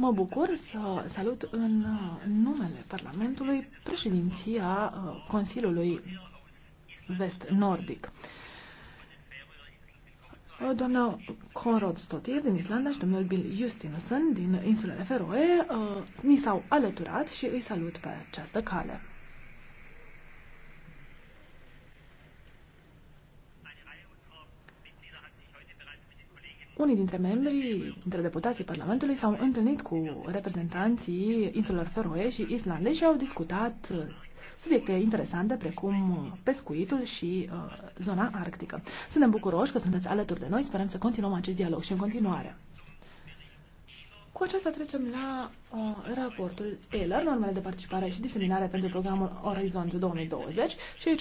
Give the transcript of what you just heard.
Mă bucur să salut în numele Parlamentului președinția uh, Consiliului Vest-Nordic. Uh, doamna Conrad Stotir din Islanda și domnul Bill Justinuson din insulele Feroe uh, mi s-au alăturat și îi salut pe această cale. Unii dintre membrii, dintre deputații Parlamentului s-au întâlnit cu reprezentanții insulelor Feroe și Islandei și au discutat uh, subiecte interesante precum uh, pescuitul și uh, zona arctică. Suntem bucuroși că sunteți alături de noi, sperăm să continuăm acest dialog și în continuare. Cu aceasta trecem la uh, raportul ELER, normele de participare și diseminare pentru programul Orizont 2020 și aici